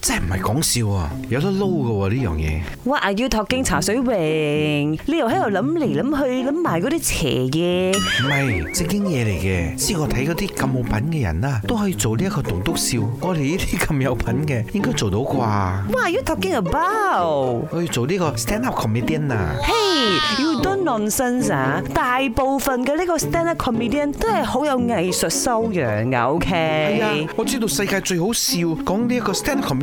真係唔係講笑啊！有得撈嘅呢樣嘢，哇！What are you talking 茶水榮，你又喺度諗嚟諗去，諗埋嗰啲邪嘢。唔係正經嘢嚟嘅，知我睇嗰啲咁冇品嘅人啊，都可以做呢一個棟篤笑。我哋呢啲咁有品嘅，應該做到啩？What are you talking about？我要做呢個 stand up comedian 啊！Hey，you don't know sense 大部分嘅呢個 stand up comedian 都係好有藝術修養嘅，OK？係啊，我知道世界最好笑，講呢一個 stand up。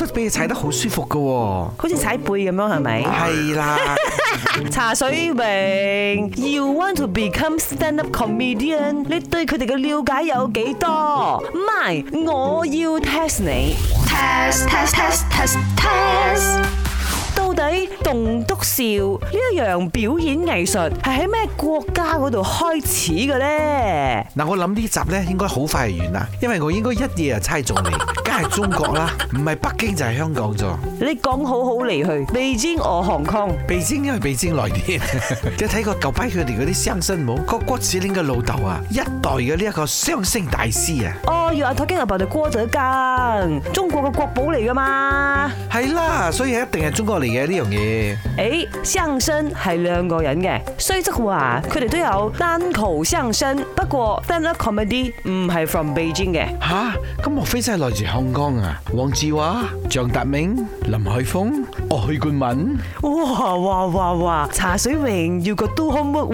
都俾你踩得好舒服噶，好似踩背咁樣，係咪？係啦。茶水明，You want to become stand up comedian？你對佢哋嘅了解有幾多？MY，我要 test 你。Test test test test test。到底棟篤笑呢一樣表演藝術係喺咩國家嗰度開始嘅咧？嗱，我諗呢集咧應該好快完啦，因為我應該一夜就猜中你。 梗係中國啦，唔係北京就係、是、香港咗。你講好好離去，北京俄航空，北京因為北京來電，即睇個舊批佢哋嗰啲相聲冇郭郭子連嘅老豆啊，一代嘅呢一個相聲大師啊。哦、oh，要阿台京阿伯就郭德綱，gan, 中國嘅國寶嚟㗎嘛。係啦，所以一定係中國嚟嘅呢樣嘢。誒、這個，hey, 相聲係兩個人嘅，雖則話佢哋都有單口相聲，不過 stand up comedy 唔係 from 北京嘅。吓、啊？咁莫非真係來自？王江啊，黃子華、張達明、林海峰。哦，許冠文，哇哇哇哇，茶水榮要個 do homework，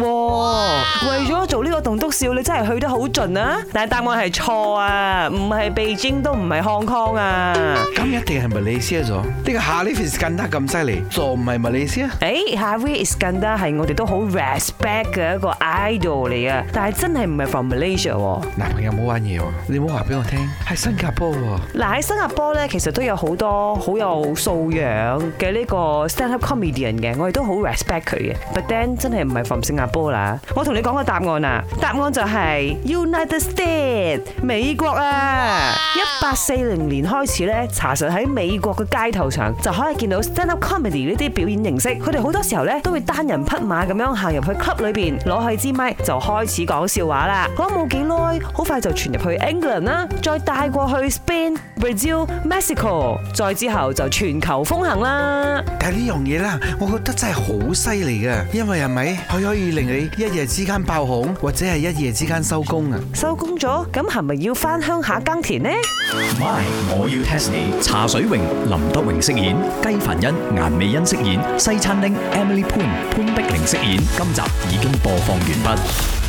為咗做呢個棟篤笑，你真係去得好盡啊！但係答案係錯啊，唔係北京都唔係香港啊。咁一定係馬來西亞咗？呢個 Harith Iskandar 咁犀利，仲唔係馬來西亞？誒，Harith Iskandar 係我哋都好 respect 嘅一個 idol 嚟噶，但係真係唔係 from Malaysia。男朋友冇玩嘢喎，你唔好話俾我聽，係新加坡。嗱喺新加坡咧，其實都有好多好有素養嘅。嘅呢個 stand up comedian 嘅，我哋都好 respect 佢嘅。But then 真係唔係從新加坡啦，我同你講個答案啦，答案就係 United States 美國啦。一八四零年開始咧，查實喺美國嘅街頭上就可以見到 stand up comedy 呢啲表演形式。佢哋好多時候咧都會單人匹馬咁樣行入去 club 裏邊攞去支麥就開始講笑話啦。講冇幾耐，好快就傳入去 England 啦，再帶過去 Spain、Brazil、Mexico，再之後就全球風行啦。但呢樣嘢啦，我覺得真係好犀利噶，因為係咪佢可以令你一夜之間爆紅，或者係一夜之間收工啊？收工咗，咁係咪要翻鄉下耕田呢？My，我要 test 你。茶水榮、林德榮飾演，雞凡欣、顏美欣飾演，西餐廳 Emily Poon 潘碧玲飾演。今集已經播放完畢。